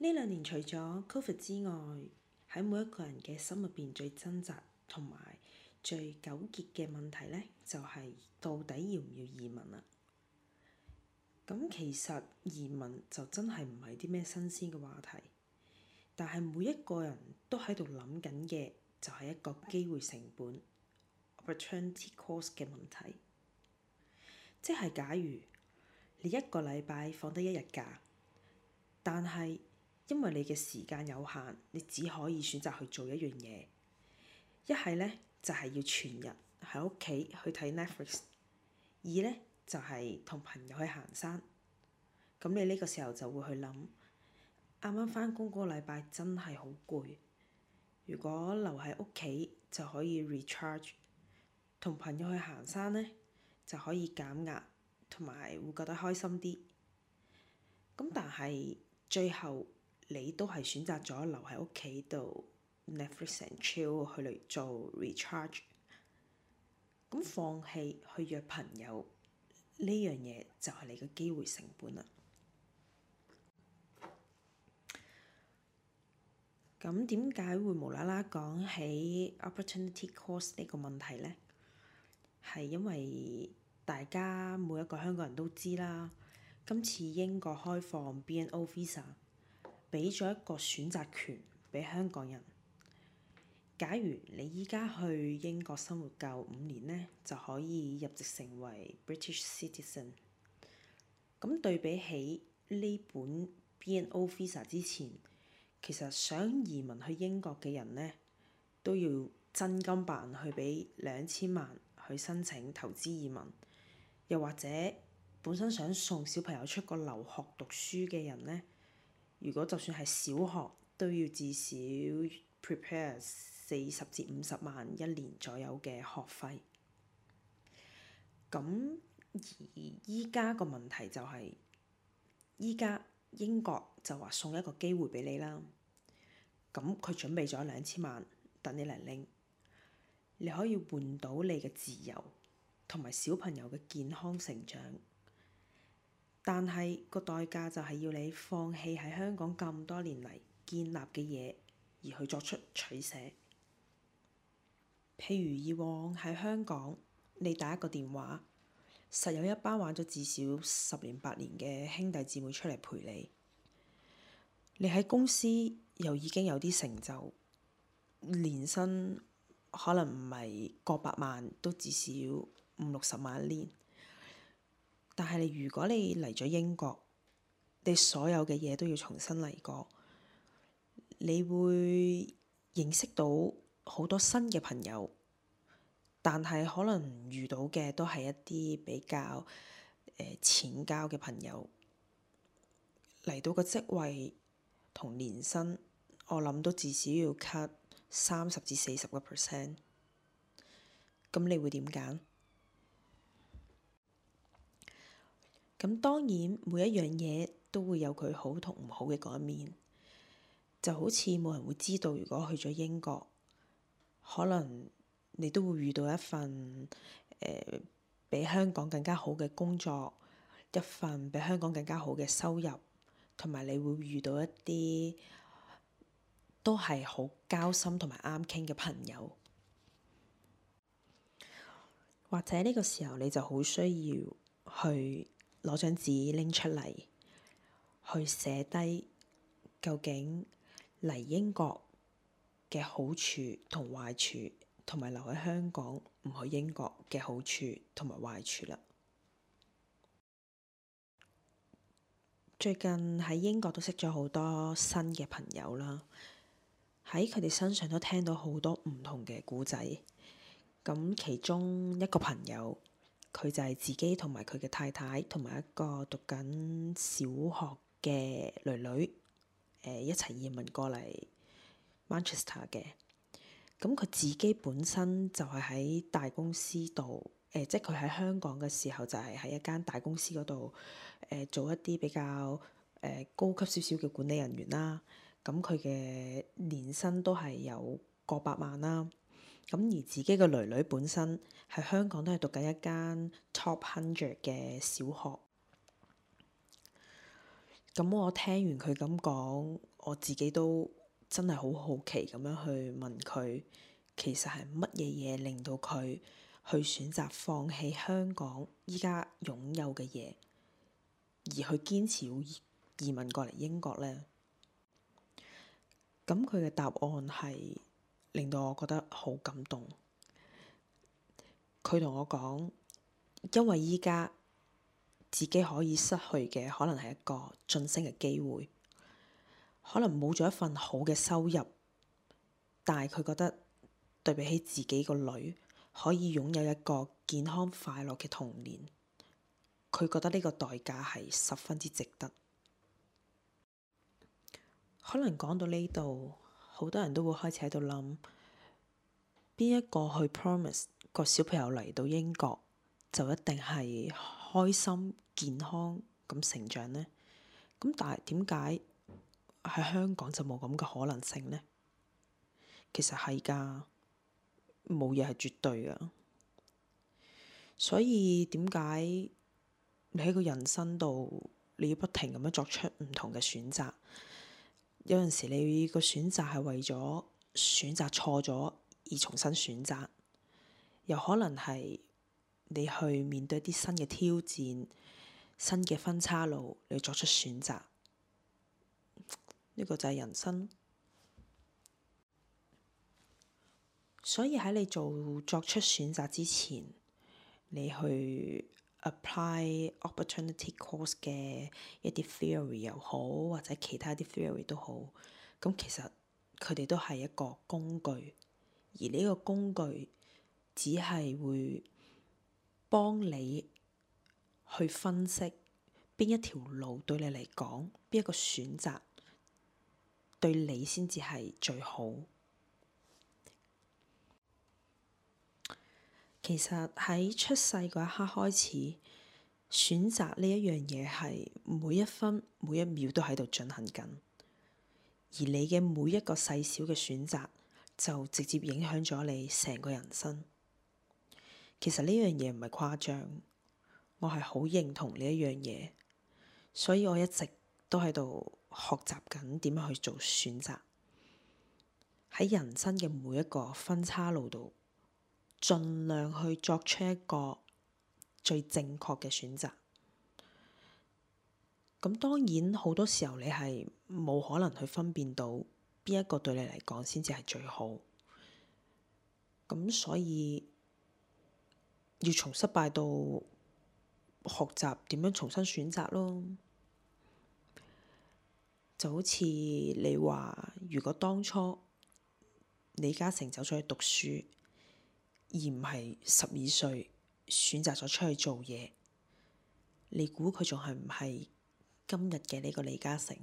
呢兩年除咗 Covid 之外，喺每一個人嘅心入邊最掙扎同埋最糾結嘅問題呢，就係、是、到底要唔要移民啦、啊？咁其實移民就真係唔係啲咩新鮮嘅話題，但係每一個人都喺度諗緊嘅就係一個機會成本 （opportunity cost） 嘅問題，即係假如你一個禮拜放得一日假，但係因為你嘅時間有限，你只可以選擇去做一樣嘢。一係咧就係要全日喺屋企去睇 Netflix，二咧就係同朋友去行山。咁你呢個時候就會去諗，啱啱翻工嗰個禮拜真係好攰。如果留喺屋企就可以 recharge，同朋友去行山咧就可以減壓，同埋會覺得開心啲。咁但係最後，你都係選擇咗留喺屋企度 Netflix and chill 去嚟做 recharge，咁放棄去約朋友呢樣嘢就係你嘅機會成本啦。咁點解會無啦啦講起 opportunity cost 呢個問題呢？係因為大家每一個香港人都知啦，今次英國開放 BNO visa。俾咗一個選擇權俾香港人。假如你依家去英國生活夠五年咧，就可以入籍成為 British Citizen。咁對比起呢本 BNO Visa 之前，其實想移民去英國嘅人咧，都要真金白銀去俾兩千萬去申請投資移民，又或者本身想送小朋友出國留學讀書嘅人咧。如果就算係小學都要至少 prepare 四十至五十萬一年左右嘅學費，咁而依家個問題就係依家英國就話送一個機會俾你啦，咁佢準備咗兩千萬等你嚟拎，你可以換到你嘅自由同埋小朋友嘅健康成長。但係個代價就係要你放棄喺香港咁多年嚟建立嘅嘢，而去作出取捨。譬如以往喺香港，你打一個電話，實有一班玩咗至少十年八年嘅兄弟姊妹出嚟陪你。你喺公司又已經有啲成就，年薪可能唔係過百萬，都至少五六十萬一年。但係，如果你嚟咗英國，你所有嘅嘢都要重新嚟過。你會認識到好多新嘅朋友，但係可能遇到嘅都係一啲比較誒、呃、淺交嘅朋友。嚟到個職位同年薪，我諗都至少要 cut 三十至四十個 percent。咁你會點揀？咁當然每一樣嘢都會有佢好同唔好嘅嗰一面，就好似冇人會知道，如果去咗英國，可能你都會遇到一份、呃、比香港更加好嘅工作，一份比香港更加好嘅收入，同埋你會遇到一啲都係好交心同埋啱傾嘅朋友，或者呢個時候你就好需要去。攞張紙拎出嚟，去寫低究竟嚟英國嘅好處同壞處，同埋留喺香港唔去英國嘅好處同埋壞處啦。最近喺英國都識咗好多新嘅朋友啦，喺佢哋身上都聽到好多唔同嘅故仔。咁其中一個朋友，佢就係自己同埋佢嘅太太，同埋一個讀緊小學嘅女女，誒、呃、一齊移民過嚟 Manchester 嘅。咁、嗯、佢自己本身就係喺大公司度，誒、呃、即係佢喺香港嘅時候就係喺一間大公司嗰度，誒、呃、做一啲比較誒、呃、高級少少嘅管理人員啦。咁佢嘅年薪都係有過百萬啦。咁而自己嘅女女本身喺香港都係讀緊一間 Top Hundred 嘅小學，咁我聽完佢咁講，我自己都真係好好奇咁樣去問佢，其實係乜嘢嘢令到佢去選擇放棄香港依家擁有嘅嘢，而去堅持要移民過嚟英國咧？咁佢嘅答案係。令到我覺得好感動。佢同我講，因為依家自己可以失去嘅可能係一個晉升嘅機會，可能冇咗一份好嘅收入，但係佢覺得對比起自己個女可以擁有一個健康快樂嘅童年，佢覺得呢個代價係十分之值得。可能講到呢度。好多人都會開始喺度諗，邊一個去 promise 個小朋友嚟到英國就一定係開心健康咁成長咧？咁但係點解喺香港就冇咁嘅可能性咧？其實係㗎，冇嘢係絕對㗎。所以點解你喺個人生度你要不停咁樣作出唔同嘅選擇？有陣時，你個選擇係為咗選擇錯咗而重新選擇，又可能係你去面對啲新嘅挑戰、新嘅分岔路你作出選擇。呢、呢個就係人生，所以喺你做作出選擇之前，你去。Apply opportunity cost 嘅一啲 theory 又好，或者其他啲 theory 都好，咁其實佢哋都係一個工具，而呢個工具只係會幫你去分析邊一條路對你嚟講，邊一個選擇對你先至係最好。其實喺出世嗰一刻開始，選擇呢一樣嘢係每一分每一秒都喺度進行緊，而你嘅每一個細小嘅選擇就直接影響咗你成個人生。其實呢樣嘢唔係誇張，我係好認同呢一樣嘢，所以我一直都喺度學習緊點樣去做選擇，喺人生嘅每一個分岔路度。盡量去作出一個最正確嘅選擇。咁當然，好多時候你係冇可能去分辨到邊一個對你嚟講先至係最好。咁所以要從失敗到學習點樣重新選擇咯，就好似你話，如果當初李嘉誠走咗去讀書。而唔係十二歲選擇咗出去做嘢，你估佢仲係唔係今日嘅呢個李嘉誠？